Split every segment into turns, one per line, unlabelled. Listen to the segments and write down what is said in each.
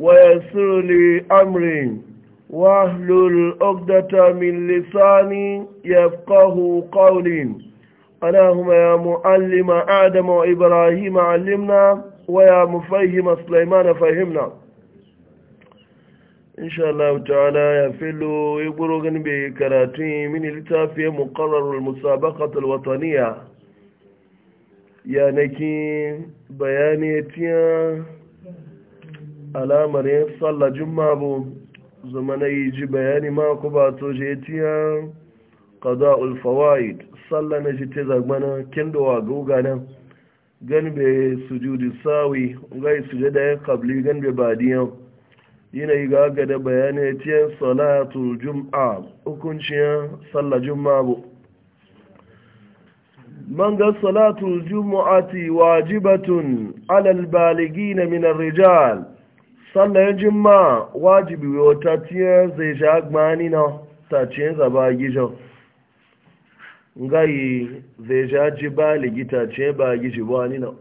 ويسر لي أمري وأهل الأقدة من لساني يفقه قولي اللهم يا معلم آدم وإبراهيم علمنا ويا مفهم سليمان فهمنا إن شاء الله تعالى يفل يبرغن بكراتي من التافية مقرر المسابقة الوطنية يعني بيانيتيا alamar yin sallah juma bu zama na yi ji bayani ma ku ba to je tiya kada ulfawaid tsalla na ji te zagbana kendo wa guga nan gan be sujudi sawi ngai sujada ya kabli gan be badiyan yana yi ga da bayani tiya salatul jum'a hukuncin sallah juma bu من قال صلاة الجمعة واجبة على البالغين من الرجال yin jimma wajibi wata tiyar zai sha gbani na tace zaba gijin ngayi zai sha ji ba ligita ce ba gijin ba nina na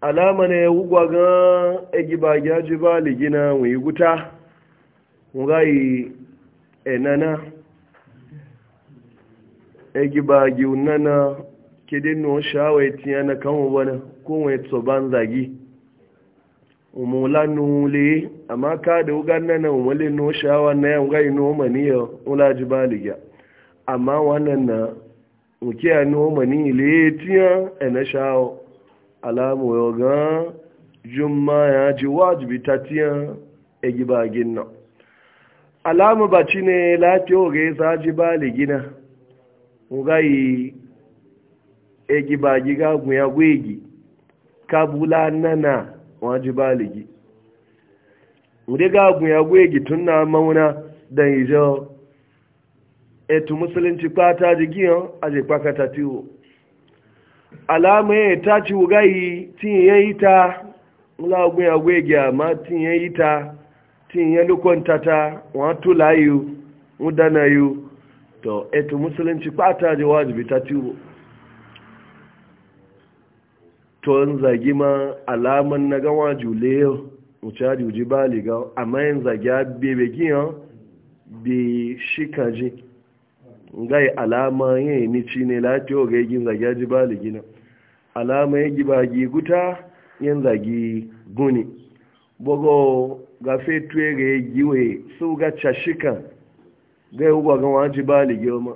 alama ne wugwa ga egi ba ya na ba ligina wuyi guta ngayi enana egi ba gi unana kidin no shawai e tiyana kan wani kun wai e tsoban zagi umula nuli amma ka da uganna na umuli no shawa na yan gai no maniyo ula ya amma wannan na uke ya no mani le tiya ena shawo alamu yoga jumma ya ji wajibi tatiya e gibagin na alamu baci ne lati oge sa jibaligina ugai e gibagi ga guya gwegi kabula nana waji baligi wuri ga abu ya gwe gitun na mauna da ijo etu musulunci kwata jigiyan a je kwakata tiwo alama ya ta ci wugayi tinye ita mula agun ya gwe gi ama tinye ita tinye lukon tata wọn tula yiwu mudana yiwu to etu musulunci kwata je wajibi ta tiwo tun zagi ma alaman na gawa jule wuce juji ba liga amma yin zagi a bebe giyan bi shika ji ngai alama yin ni ci ne lati o ga yin zagi a ji ba ligina alama yin giba gi guta yin zagi guni bogo gafe tuwe ga e giwe su ga cashika ga yi ugwa gawa waji ba ligiyar ma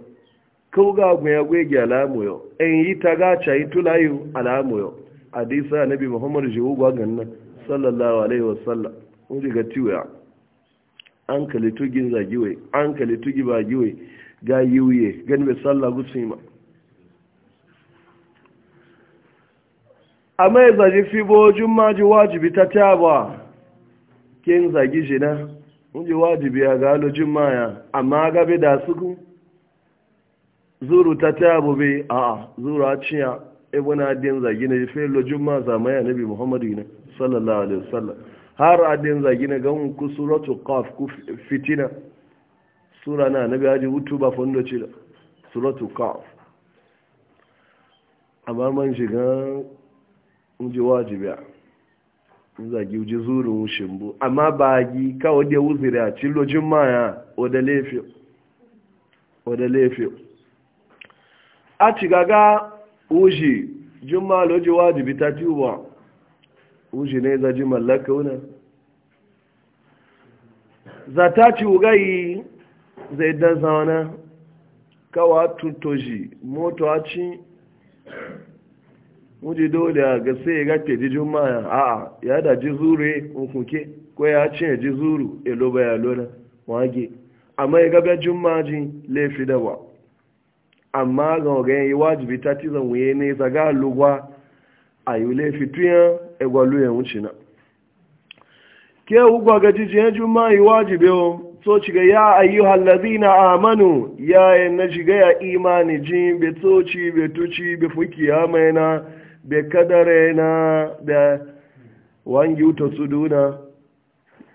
kau ga agun ya gwege alamu yau en yi ta gacha yi tulayu alamu yau hadisa nabi muhammad jihu gwagan nan sallallahu alaihi wasallam mun ji ga tiwa an kali tugin zagiwe an kali tugi ba giwe ga yiwuye gani bai sallah gusu ma amma ya zaji fibojin ma ji wajibi ta taba kin zagi jina mun ji wajibi a galo jin maya amma gabe da suku zuru ta tabo bai 'A'a, zuru a ciya E ibn adin zagi ne fe lojin ma zama nabi muhammadu ne sallallahu alaihi wasallam har adin zagi ne ga ku suratu qaf ku fitina sura na nabi haji hutu ba fondo ci suratu qaf amma man shiga unji wajibiya zagi uji zuru shimbu amma ba gi kawo da wuzuri a cin lojin ma ya oda lefi a ci gaga uji juma loji wajibi ta tuba uji ne za ji mallaka wuna za ta ci ugayi zai dan zauna kawa tutoji moto a ci wuji dole a ga sai ga ke ji juma a yada e, ya da ji zuru ya hukunke ko ya ci ya ji zuru ya loba ya lona wage amma ya gaba juma ji laifi wa amma ga ga yi wajibi ta ti zan wuye ne zaga lugwa a yi wule fituyen wuce na ke hukwa ga jijiyan juma yi wajibi o so ya ayi hallazi na amanu ya yi e na shiga ya imani jin be toci be tuci be fuki ya mai e na be kadare e na da wangi uta su duna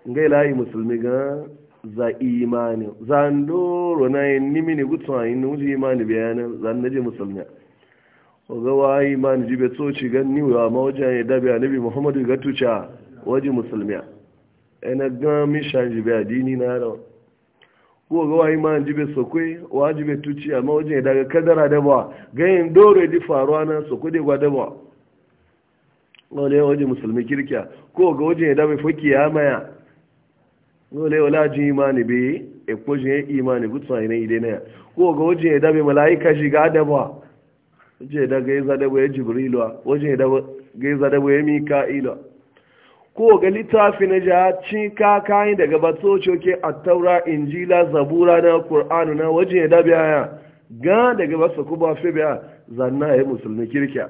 ngai layi musulmi ga za imani zan doro na yin nimi ne gutsun a yin wuji imani yanar, zan naje musulmiya ga wa imani jibe ci gan niwa ma wajen ya dabe nabi muhammadu ga tuca waje musulmiya ina shan ji jibe adini na rawa ko ga wa imani jibe sokwe wa jibe tuci amma wajen ya daga kadara da ba gayin doro di faruwa na sokwe dai gwa da ba wani waje musulmi kirkiya ko ga wajen ya dabe fokiya maya dole wala ji imani be e ko je imani sai ne ide ne ko ga waje da be malaika ji ga da ba je da ga za da be jibrilu waje da ga za da be mika'ila ko ga littafi na ja ka kai daga batso coke attaura injila zabura da qur'anu na waje da be aya ga daga basu kuma fi biya zanna ya musulmi kirkiya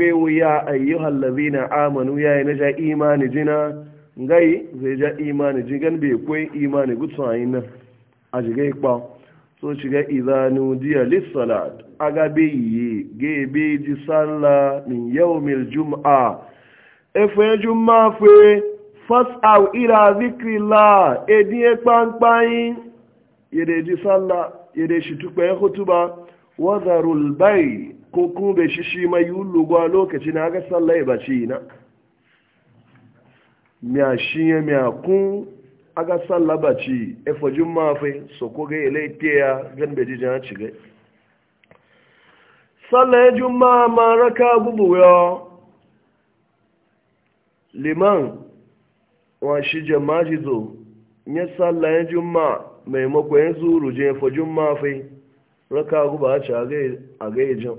yi wuya ayyuhal ladina amanu ya yi na ja imani jina ngai zai ja imani jingan bai kwai imani gutsu a yin a jiga ikpa so shiga izanu diya lissalat aga bai yi ga bai ji salla min yau mil jum'a efe jum'a fe fas'au ila zikrila edin ekpankpanyin yede ji salla yede shi tukpe e hutuba wazarul bai kokun bai shishi mai yi lokacin aga salla ya e baci na miya shiye miya kun aga sallaba ci efojin mafi so ko ga ile teya gan beji jan ci ga sallah juma ma raka bubu yo liman wa shi jama'i zo ne sallah juma ma makon zuru je efojin mafi raka guba ci a ga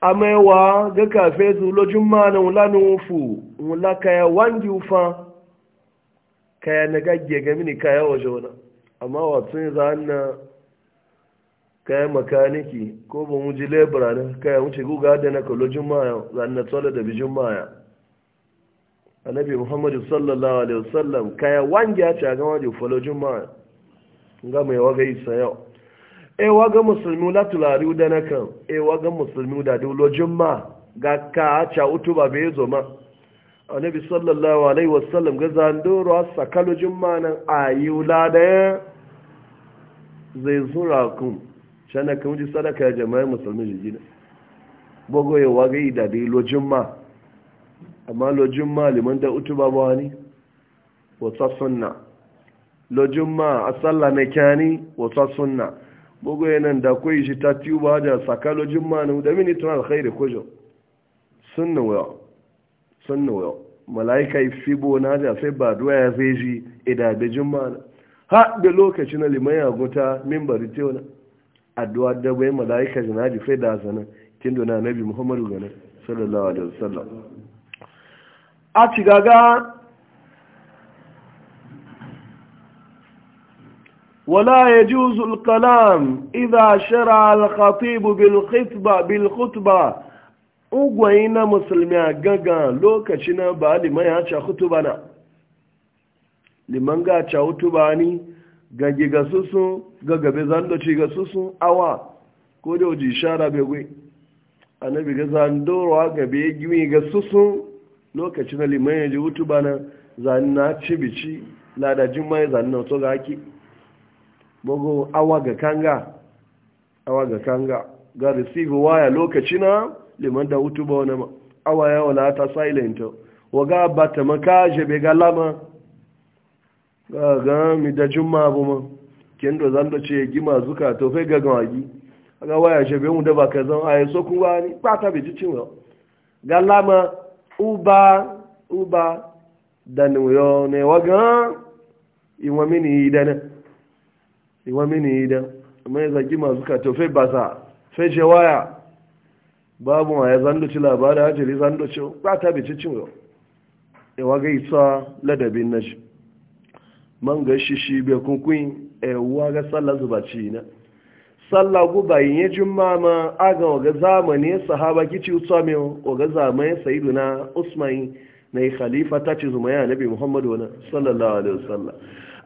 amewa ga kafe zulo juma na wula nufu wula kaya wangi ufa kaya na gagge ga mini kaya waje wani amma watsun za na kaya makaniki ko ba mu ji lebura na kaya wuce guga da na kallo juma ya za na tsola da bi juma ya annabi muhammadu sallallahu alaihi wasallam kaya wangi ya ci a gama jufalo ga mai waga isa yau ewa ga musulmi la tulari da na kan ewa ga musulmi da dulojin ma ga ka ca utu ba bai zo ma annabi sallallahu alaihi wasallam ga zandoro sakalojin ma nan ayula da zai zura kun shana kan ji sadaka ya jama'a musulmi ji jigina bogo wa ga ida dulojin ma amma lojin ma liman da utu ba ba ni wata sunna lojin ma asalla sallah kyani wata sunna bugu yanan da kwai shi ta tiyu ba da sakalojin manu da mini tun alkhairi kujo sun nawa sun nawa malaika fi na da sai ba duwa ya sai shi idabejin manu ha da lokaci na liman ya guta min bari tewa addu'a da bai malaika ji sai da sanan kin dona nabi muhammadu gane sallallahu alaihi wasallam a cigaga ولا يجوز الكلام إذا شرع الخطيب بالخطبة بالخطبة أغوين مسلمي غغا لوكشنا بالما يحشى خطبنا liman ga cawutu ba ni gage ga susun gagabe zando ci ga susun awa ko da oji shara bai gwe annabi ga zandorowa gabe gimi ga susun lokacin liman ya ji hutu ba na cibici ladajin mai zanna to ga haki bugu awa ga kanga awa ga kanga ga receive waya lokaci na liman da hutu ba wani awa ya wala ta silent waga ba ta maka jabe ga lama ga ga mi da jumma bu ma kin do zan ce gima zuka to fai ga gawagi ga waya jabe mu da ba ka zan ayi so ku ni ba ta bi cin wa ga uba uba da nuyo ne waga iwa mini dana iwa mini idan mai zaki masu kato fai basa fai waya babu ma ya zandoci labarin hajjali zandoci ba ta bici cin yau iwa ga isa ladabin na shi man ga shi shi bai kunkun ewa ga sallar zubaci na sallah guba yin ya jimma ma aga waga zamani sahaba kici utsami waga zamani sayyiduna usman na khalifa ta ci zumaya nabi muhammadu sallallahu alaihi wasallam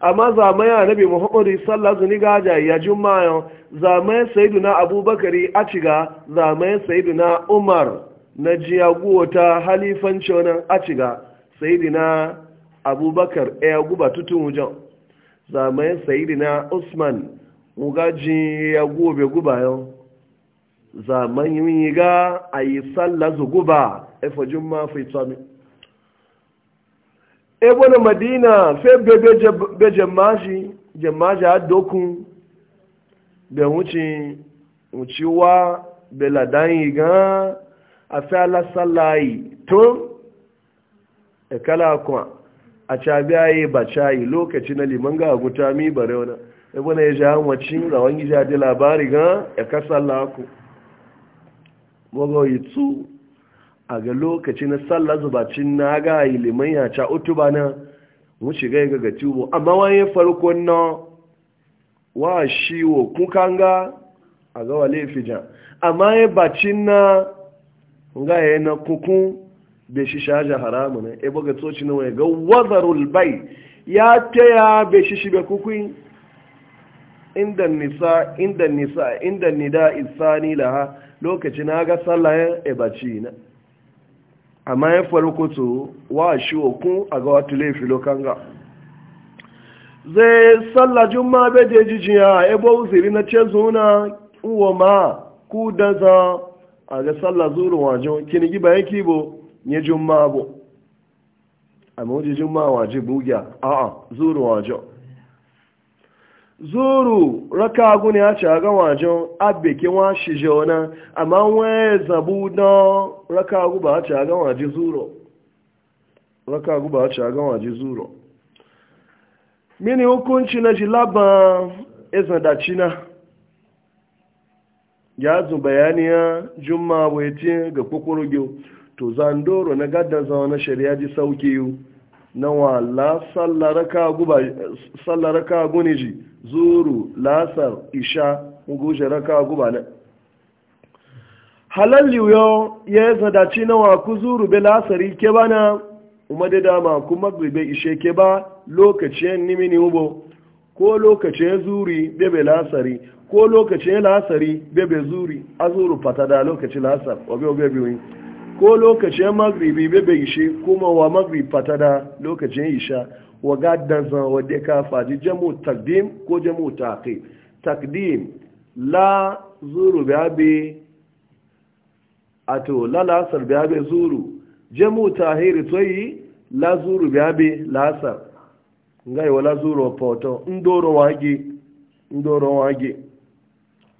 amma zamaya nabi muhammadu sallallahu alaihi wasallam ya jumma'a zamaya sayyiduna abubakari a ciga zamaya sayyiduna umar na guwata halifanci wannan a ciga sayyiduna abubakar eh, ya guba tutun wujan zamaya sayyiduna usman ugaji ya gobe guba yau zamayin yi ga a yi guba zu eh, guba jumma mafi tsamin ebo na madina fe bebe be jamaji jamaji a dokun be wuce wucewa be ladan gan a fe alasalayi tun e kala kuma a cabi a yi bacayi lokaci na liman ga guta mi bare wani ebo na ya e ji hanwacin rawan gija da labari gan e kasa laku mogo yi tu a ga lokaci na sallah zubacin na ga liman ya ca utuba na mu shiga ga ga amma wani farko na wa shi wo kuka ga a ga wale fijan amma ya bacin na ga ya na kukun bai shi shaja haramu na e buga tsoci na wani ga wazarul bai ya taya bai shi shi bai kukun inda nisa inda nisa inda nida isani laha lokaci na ga sallar ya e baci na amma ya farko to wa shi okun a ga wata laifi lokanga zai sallah juma bai da jijiya ebo ziri na ce zuna uwa ma ku da a ga salla zuru wajen kini giba ya kibo ya ma bu amma wajen juma wajen bugya a zuru wajen zuru raka gune ya ci a gawajen abeke wa shije ona amma wani zabu na raka guba a ci a gawaje zuru raka guba a ci a gawaje zuru mini hukunci na ji laban izin dacina ya zu bayaniya juma wetin ga kukurugu to zandoro na gadan zaune shari'a ji sauki yiwu na wa la sallar raka guni ji zuru lasar isha guje raka guba na halalli yau ya zadaci na wa ku zuru bai lasari ke ba na umade dama kuma bai ishe ke ba lokacin nimini ubo ko lokacin zuri bebe lasari ko lokacin lasari bebe zuri a zuru fata da lokacin lasar obe obe biyu ko lokacin magribi bai ishe kuma wa magribi fatada lokacin isha wa gaddan zan wadda ka faji jamu takdim ko jamu taqib takdim la zuru biabe ato la lasar biabe zuru jamu tahiri toyi la zuru biabe lasar ngai wala zuru poto ndoro wage ndoro wage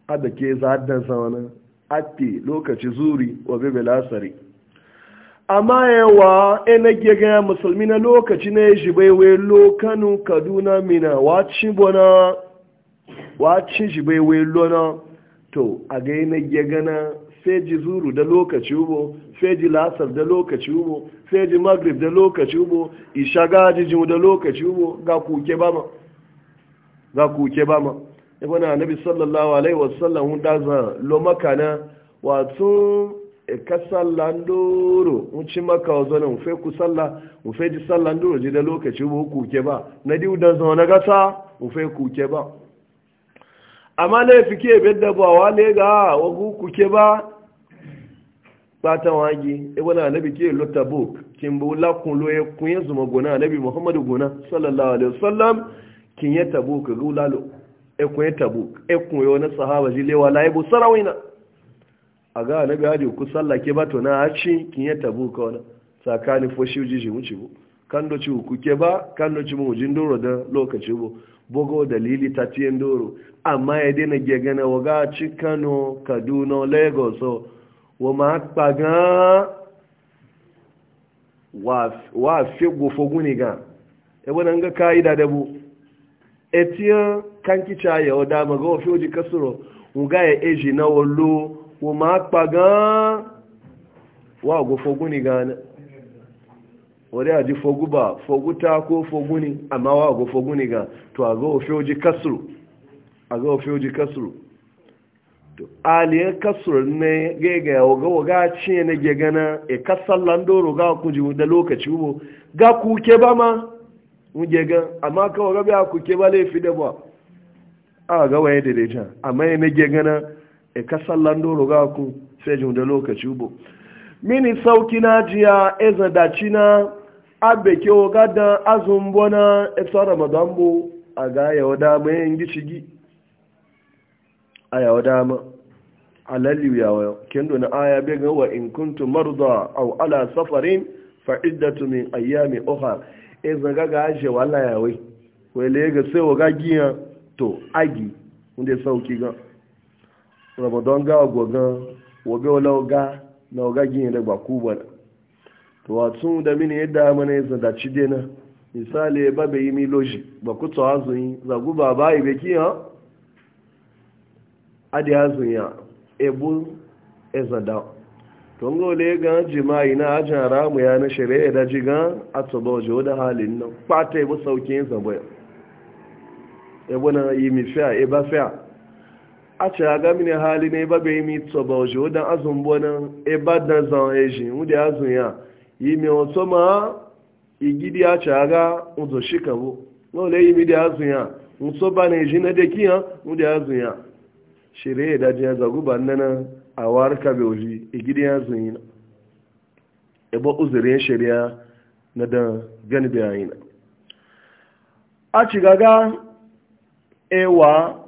adake za addan zan ati lokaci zuri wa bebe lasari amma yawa enage eh, ga musulmi na lokaci na yi shibaiwe wai lokanu kaduna mina wacin bona wacin shi lona to a ga enage gana ji zuru da lokaci ubo ji lasar da lokaci ubo ji magrib da lokaci ubo isha gajijin da lokaci ubo ga kuke ba ma ga kuke ba ma ibana annabi sallallahu alaihi wasallam hun da za lo makana wato e ka sallah nduru in ci maka wazo mu mufe ku sallah mufe ji sallah nduru ji da lokaci mu kuke ba na diu dan zo na gasa mufe kuke ba amma na fi ke bedda ba wa ne ga wagu kuke ba ta wagi e wani anabi ke lota book kin bu lakun loye kun ya zuma gona anabi muhammadu gona sallallahu alaihi wasallam kin ya tabuk gulalo e kun ya tabuk e kun yo na sahaba ji lewa laibu sarawina a ga na gadi ku sallake ba to na haci kin ya tabu ka wani tsakanin foshi jiji wuce bu kan doci ku ke ba kan doci mu jin doro da lokaci bu bogo dalili ta tiyan doro amma ya dena gegana waga ci kano kaduna lagos wa ma kpagan wa fi gofo guni ga ebe na nga ka'ida da bu etiyan kan kicha o dama ga ofi oji kasuro nga ya eji na wolo wọ́n máa pa gan-an wà ògbó fogún ni gan-an wọ́n rí àjí fogún bá fogún ta kó fogún ni àmá wà ògbó fogún ni gan to àgọ́ òfin ojí kásùrù àgọ́ òfin ojí kásùrù to aliyar kásùrù ne gẹ́gẹ́ ọgọ́wọ́ gá cíye na gẹ́gana e kásar landoro ga kúji da lokaci wo gá kuke ba ma mun gẹ́gan àmá kawai gabi a kuke ba laifi da ba a gawa ya daidaita amma ya na gẹ́gana e kasallan doro ga ku sai jin da lokaci ubo mini sauki na jiya eza da china abe ke o gadan azun bona e so ramadan bo ga ya wada mai e ngi shigi aya wada ma alalli ya wayo kendo na aya be ga wa in kuntum marda aw ala safarin fa iddatu min ayami ukhra eza ga ga je wala ya wai wele ga sai o ga giya to agi unde sauki ga ramadan ga gogan wabe wala ga na oga gini da ba kuba na to watsu da mini dama na yasa da ci misali ba bai yi miloji ba ku tsawa zun zagu ba ba yi ha adi ha zun ya ebu ezada to ngo le ga jima'i na ajin ramu ya na shari'a da atụba atsoba jo ha halin nan kwata ebu sauke yin zabo ebu na yi mi fiya e a ce a gami ne hali ne ba bai mi tso ba oji wadan azun bonan e ba dan zan eji wudi azun ya yi mi oto ma igidi a ce a ga uzo shi kabo n'ole yi mi azun ya nso ba na eji na de kiyan wudi azun ya shirye ya daji ya zagu ba nana a warka bai oji igidi ya azun yi na ebe uzirin shirya na dan gani bayanina a ci gaga ewa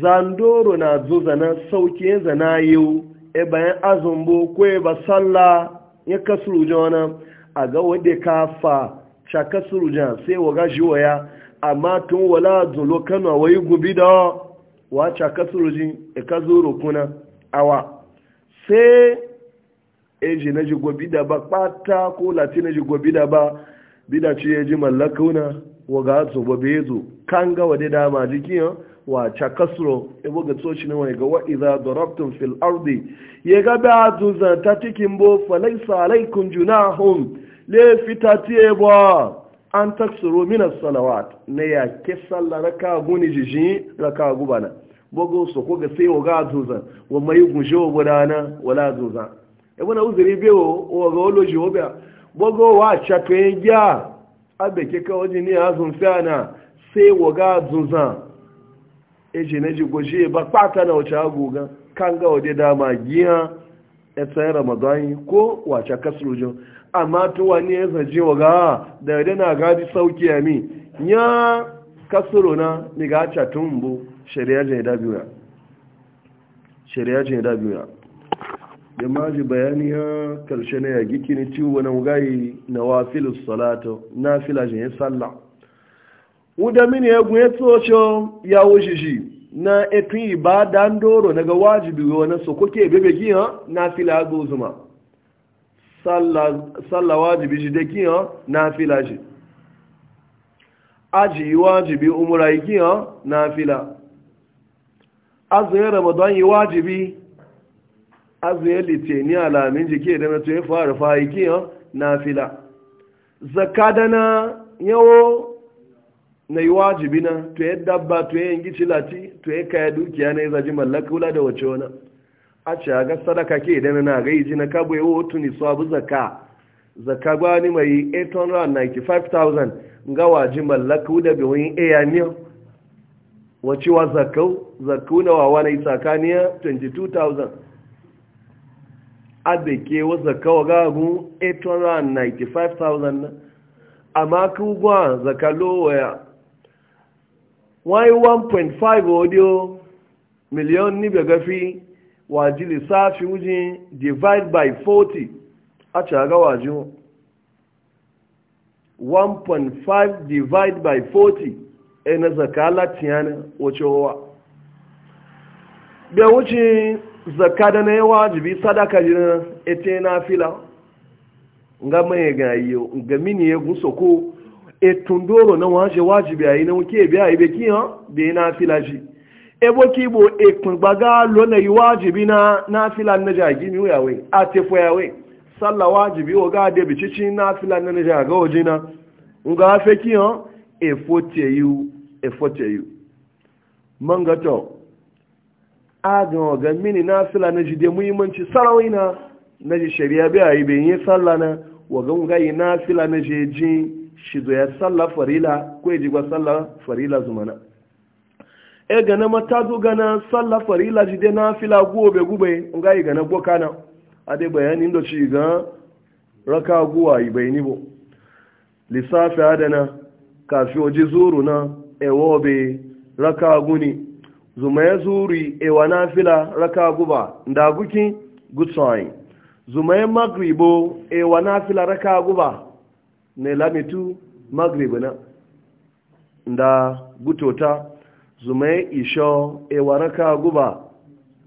zandoro na zo zana sauki zana yau e bayan azumbo ko e ba salla ya kasuru wani a ga wadda ka fa sha kasuru jona sai waga shi waya amma tun wala zulo kano wai gubi da wa sha kasuru jin e ka zoro kuna awa sai e ji na ji gobi da ba kpata ko lati na ji gobi da ba bida ya ji mallakauna waga azumbo zo kanga wade dama jikin wace kasro ibo ga tsoci ne wani ga wa'iza darabtun fil ardi ya ga ba zuzan ta cikin bo laysa alaykum junahum le fita tiye ba an taksuru min salawat ne ya ke sallah raka guni jiji raka gubana bogo so ko ga sai ga za wa mai guje wa gudana wala za ibo na uzuri o wa ga wolo jiwoba bogo wa chape ja abe ke ka ni azun fiana sai wa ga za eji na ji gwaje ba kpata na wace agogan kan ga waje dama giya ya tsaye ramadani ko wace kasrujin amma tuwa ne ya zaje wa ga da yadda na gadi sauki ya mi ya kasro na ni ga ca tumbu shari'a da biyu shari'a jini da biyu da ma ji bayani ya karshe na ya giki ciwo na mugayi na wa filis salatu na filajin ya sallah wuda mini ya gwe ya oshishi na efin ibada ndoro naga wajibi wani so kuke ebebe kiyan na fila gozuma sallah wajibi shi da kiyan na fila shi aji yi wajibi umura kiyan na fila azuyin ramadan yi wajibi azuyin litini alamin jike da na tuye fara fayi na fila zakadana yawo na yi wajibi na to ya dabba to ya gici lati to ya kaya dukiya na yi zaji mallaka wula da wace wani a ce a ga sadaka ke idan na ga yi na kabo ya wotu ni abu zaka zaka gwani mai 895,000 ga waji mallaka wuda bi wani eya ne wace wa zakau zakau na wawa na yi tsakaniya 22,000 ke wa zakawa gagun 895,000 amma kugwa zakalo wọ́n 1.5 audio million ní gbẹ̀gẹ́fí wàjí lè sáàfi wújí divide by 40 àtàgà wàjí wọn 1.5 divide by 40 ẹ̀nà zaka láti yánà wọ́chọ́ wọ́wọ́ bẹ̀ wújí zaka da na yawa jibi sadaka jina ete na fila nga mai ga yi ga mini ya gusa ko etundoro na waje wajibi ayi na wuke biya ibe kiyan da ya nafila ji ebo kibo ekun gbaga lo yi wajibi na nafila na jagi mi wuyawe a tefo yawe salla wajibi o ga de na na na fe kiyan te te mini nafila na jide muhimmanci na ji yin salla na na shi zo ya salla farila ko ya jigwa salla farila zumana e gana mata zo gana salla farila ji dai na fila gobe gube nga yi gana boka na a dai bayanin da shi ga raka guwa yi bai ni bo lissafi adana kafi oji zuru na ewobe raka guni zuma ya zuri ewa na fila raka guba ndagukin gutsoin zuma ya magribo ewa na fila raka guba ne lamitu maghrib na da gutota zumai isho ewaraka guba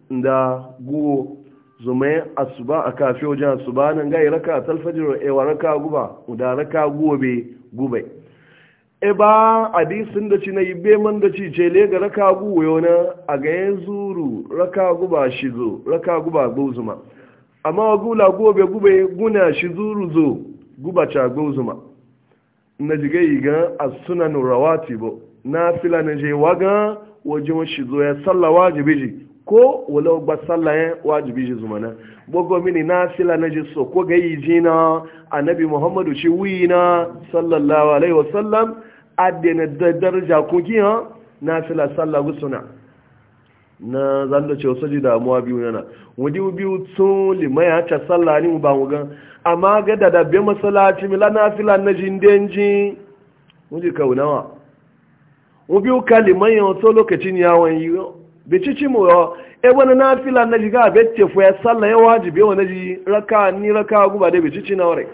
nda guwo zumai asuba a kafi wajen asuba nan gai raka talfajir ewaraka guba nda raka gobe gube e ba hadisin da ci na yi beman da ci ce le ga raka guwo yana a ga e zuru raka guba shi zo raka guba guzuma amma gula gobe gube guna shi zo guba cago zuma na jige iga as sunan rawati bo na fila na je waga wajen shi zo ya salla wajibi ji ko wala ba salla ya wajibi ji zuma na bogo mini na fila na je so ko gayi ji na annabi muhammadu shi wi na sallallahu alaihi wasallam adena da daraja ko giya na fila salla gusuna na zanda ce wasu ji damuwa biyu yana wadi biyu sun lima ya ce sallah ni ba mu gan amma ga da dabbe masalaci mila na fila na jindenji wuji kaunawa mu biyu ka liman yawon to lokacin yawon yi bi cici mu yawon e wani na fila na jiga abe tefu ya sallah ya wajibi wani ji raka ni raka guba da bi cici na ware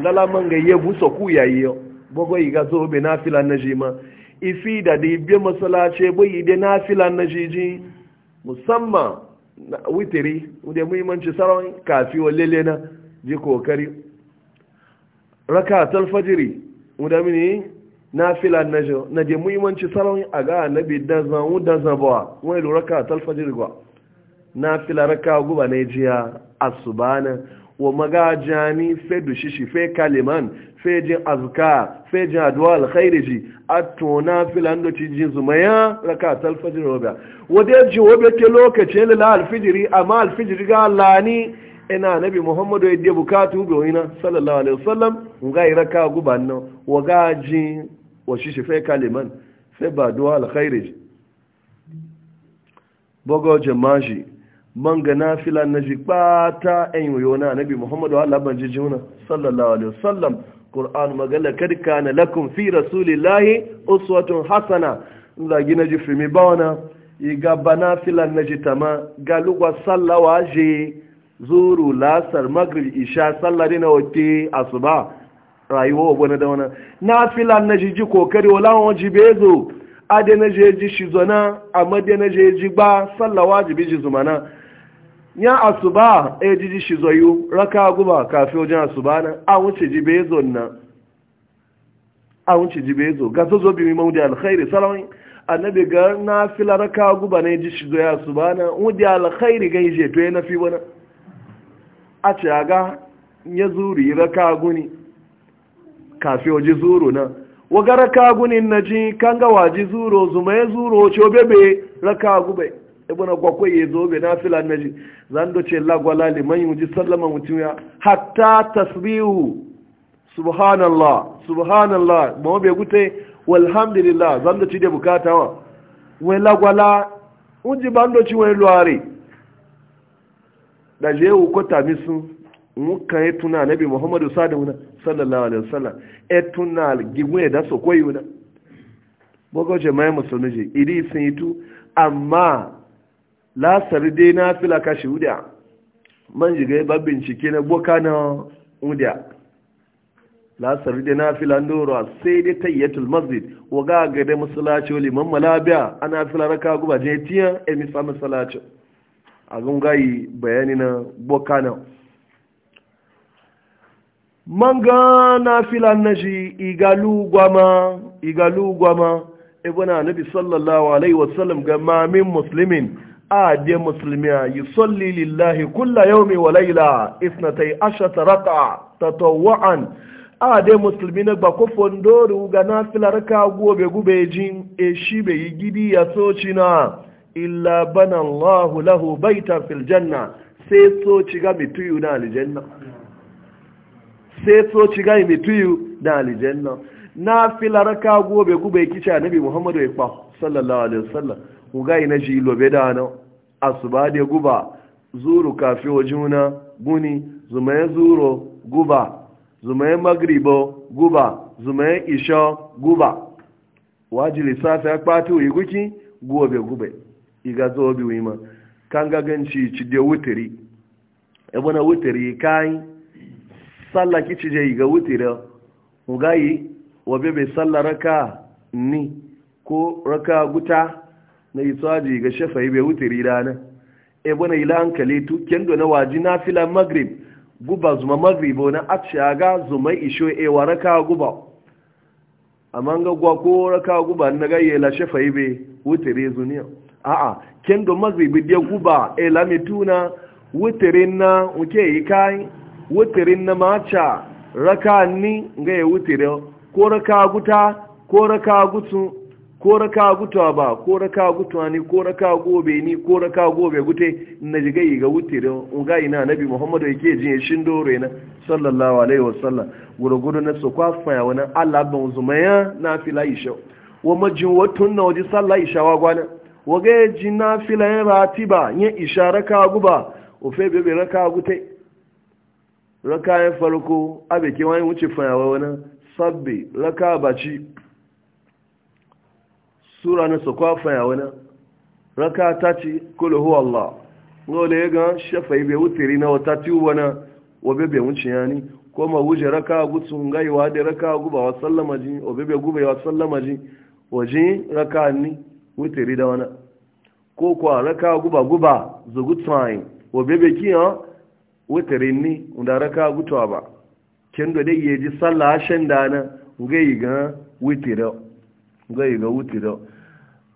ngala man ga yebu so ku yayi yo bogo yi ga zo be na fila na jima ifi da da biyan masalace bai yi da nafilan na jiji musamman na witiri da muhimmanci sarawai kafi wa lele na ji kokari raka talfajiri wadda mini nafilan na jiji na da muhimmanci sarawai a ga annabi da zan da zan bawa wani raka talfajiri ba nafila raka guba ne jiya na. wa magajani fe dushishi fe kaliman fe jin azuka fe jin aduwa alkhairi ji tona filan da ci jin zumaya raka tal fajr roba wade ji wobe ke lokaci lila alfijiri amma alfijiri ga lani ina nabi muhammadu yadda bukatu ga ina sallallahu alaihi wasallam ga raka gubanna wa gaji wa shishi fe kaliman fe ba aduwa alkhairi ji bogo jamaji man ga fila na ji ɓata ‘yan yoyo na nabi muhammadu ala ban ji juna sallallahu alaihi wasallam ƙur'an magana karka na lakun fi rasulillahi uswatun hasana zagi na ji fimi ba wana yi bana fila na ji tama ga lugwa sallawa je zuru lasar magrib isha sallari na wake asuba rayuwa wa gwana da wana fila na ji ji kokari wala wani ji bezo ade na je ji zona amma de na je ji ba sallawa ji bi ji zumana ya asuba e jiji shi zoyu raka guba kafin wajen asuba na a wuce ji bezo na a wuce ji bezo ga zo bi mimo da alkhairi salawai annabi ga na fila raka guba na ji shi zoyu asuba na wudi alkhairi ga ije to na fi wani a ce ga ya zuri raka guni kafin waje zuru na waga raka gunin na ji kan ga waji zuro zuma ya zuro ce obebe raka gubai ibn gwakwai ya zo bai nafila na ji zan doce lagwala liman yi wuji sallama mutum ya hatta tasbihu subhanallah subhanallah ma bai gute walhamdulillah zan doce da bukata wa wai lagwala wuji ban doce wai luwari da je ko tami sun muka etuna tuna nabi muhammadu sadu sallallahu alaihi wasallam e tuna gigun da so koyi wuna bogo jama'a musulmi ji idi sun yi tu amma lasar dai na fila kashi wuda man jigai ba bincike na boka na wuda lasar dai na fila ndoro sai dai tayyatul masjid wa ga da masalaci wa liman malabiya ana fila raka guba je tiyan e mi sa a gungayi bayani na boka na man ga na fila na shi igalu gwama igalu gwama ibuna e nabi sallallahu alaihi wasallam ga mamin muslimin ade ah, musulmi yi tsalli lillahi kulla yaumi wa laila isnatai ashata raka a ade ah, musulmi na gba kofon doru ga na ka gobe gube jin e shi bai yi gidi ya soci na illa bana allahu lahu baita fil janna sai soci ga mituyu na alijanna sai soci ga mituyu na aljanna na filarka gobe gube kici nabi muhammadu ya kwa sallallahu alaihi wasallam ugai na shi lobe da nan asuba da guba zuru kafi wa juna guni zumaye zuro guba zumaye magribo guba zumaye isha guba wajili lissafi ya kpati iguki gobe gube iga obi wima kanga ganci ci da wutiri ebona wutiri kai sallaki ci je iga wutiri ugai wa salla raka ni ko raka guta na yi tsaji ga shafayi bai rira rana e bane ila kale tu kendo na waji na fila magrib guba zuma na wani aciyaga zuma isho e wa raka guba amma ga gwa ko raka guba na ga yela shafayi bai rira zuniya a a kendo magrib dia guba e la mituna wutirin na uke yi kai wutirin na macha raka ni ga ya wutiri ko raka guta ko raka gutsu ko raka gutuwa ba ko raka gutuwa ne ko raka gobe ni ko raka gobe gute na ji gai ga wuce da ungayi na nabi muhammadu yake jin ya shindo rena sallallahu alaihi wasallam gurgudu na su kwafa ya wani allah ban zumaya na fila isha wa majin watun na waje sallah isha wa gwana wa ga ji na fila ya rati ba yin isha raka guba ofe bebe raka gute raka ya farko abe ke wani wuce fayawa wani sabbi raka baci sura na su kwafaya wani raka ta ci kula huwa Allah wadda ya shafa yi bai wutiri na wata ti na wabe bai wuce ya ni ko ma wuce raka gutsun gaiwa da raka guba wa sallama ji wabe bai guba wa sallama ji waje raka ni wutiri da wani ko kwa raka guba guba zugu tsayin wabe bai kiya wutiri ni da raka gutuwa ba kin da dai yaji sallah shan dana ngai ga wutiri ngai ga wutiri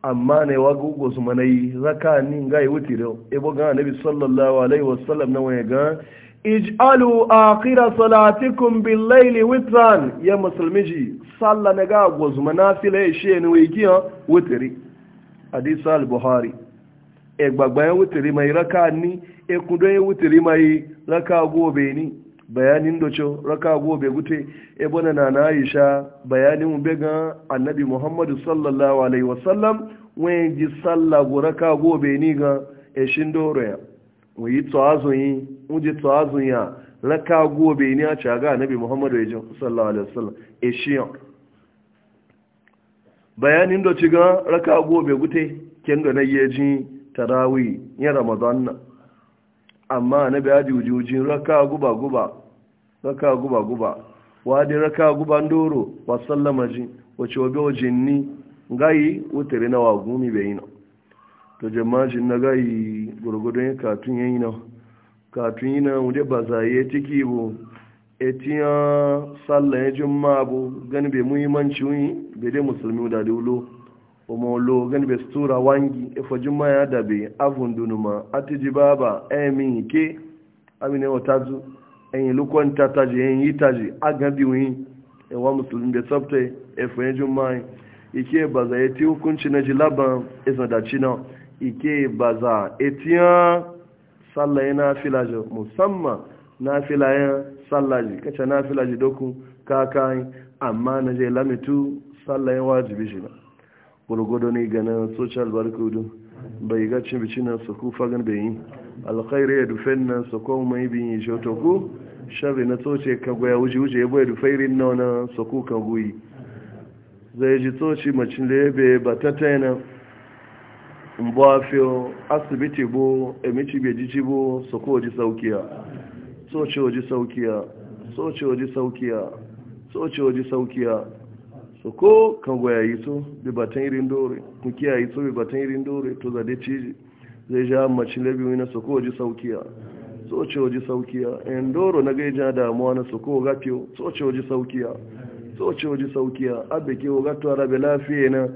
amma ne wa gugu su manayi zaka ni ga yi wuti da ibo ga annabi sallallahu alaihi wasallam na waya ga ij'alu akhira salatikum bil layli witran ya musulmiji salla na ga gozu manafila she ni we giya wutiri hadith al buhari e gbagba ya wutiri mai raka ni e kudo ya wutiri mai raka gobe ni bayanin doce raka gobe gute ebona na na aisha bayanin ube ga annabi muhammadu sallallahu alaihi wasallam wen ji salla raka gobe ni ga eshin doro ya wen yi tsoazun ya raka gobe ni a caga annabi muhammadu ya sallallahu alaihi wasallam eshiyan bayanin doce ga raka gobe gute kendo na yeji tarawih ya ramadan amma annabi ya ji raka guba guba raka guba guba wadi raka guba ndoro wa sallama ji wace wabe waje ni gayi wutare na wa gumi be yi na to jama'ajin na gayi gurgudun ya katun ya yi na katun yi na wude ba tiki bu etiyan sallan ya jimma bu gani bai muhimmanci wuyi bai dai musulmi da dole umolo gani bai sutura wangi ifa jimma ya dabe avundunuma atiji baba emi ke amine otazu. ẹ̀yìn lukọ́ ta tajì ẹ̀yìn yí tajì agabi wọ́n ẹ̀wà musulmi bẹ̀ sọ́pẹ́ ẹ̀fọ́ ẹ̀jú máa ike baza etí hukunci na ji laban ìsàndaci náà ike baza etí hàn sallaye na filaje musamman na filayen sallaji kacha na filaji doku kakayin amma na je lamitu sallayen wajibi shi na gwargwado bai ga cin su bai yi alkhairu ya dufen nan su kuma mai bin yi shotoku shari na tsoce ka goya wuce wuce ya bai dufairin na wani su ku ka guyi zai ji tsoci macin da ya be ba ta taina mbuwa fiyo asibiti bo emici bai ji ci bo su ku ji saukiya tsoce waje saukiya tsoce waje saukiya tsoce waje saukiya su ko kan goya yi so bi batan irin dore kukiya yi so bi batan irin dore to zade ciji zai ja mace labi wani su ko ji saukiya tsoce waje saukiya yan doro na gaija damuwa na su ko gafiyo tsoce waje saukiya tsoce waje saukiya abe ke wa gatuwa rabe lafiya na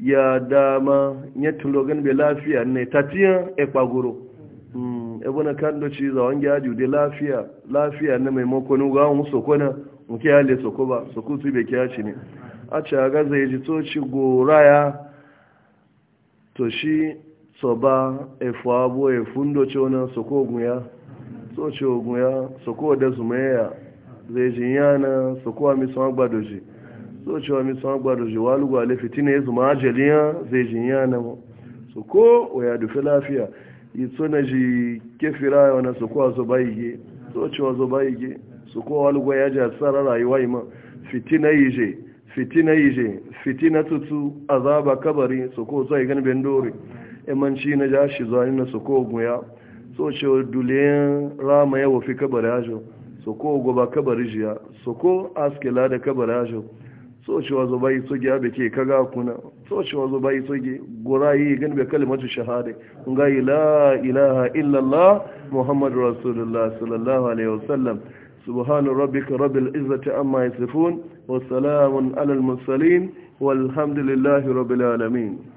ya dama ya tulogan be lafiya ne tafiya e kpagoro ebe hmm, na kando ci za wangi aju lafiya lafiya na maimako ni ga na nke muke hale soko ba soko su bai kya ci ne a ci a gaza ya ji tsoci goraya to shi so ba efu abu efu ndoci wani soko guya soci guya soko da zumaya zai ji yana soko a misan agbadoji soci wa misan agbadoji walugu ale fitina ya zuma ajaliya zai ji yana soko wa ya dufe lafiya so na ji kefira wani soko a zoba ige soci wa zoba ige soko walugu ya ji asara rayuwa ima fitina yi je fitina yi je fitina tutu azaba kabari soko zai ganin bendore emanci na ja shi zuwa na soko guya so ce duliyan rama ya wafi kabarajo soko goba kabarijiya soko askela da kabarajo so ce wazo bai soge abe ke kaga kuna so ce wazo bai soge gurayi gani bai kalimatu shahada kun ga la ilaha illallah muhammadu rasulullah sallallahu alaihi wasallam سبحان ربك رب amma عما يصفون وسلام alal المرسلين والحمد لله رب العالمين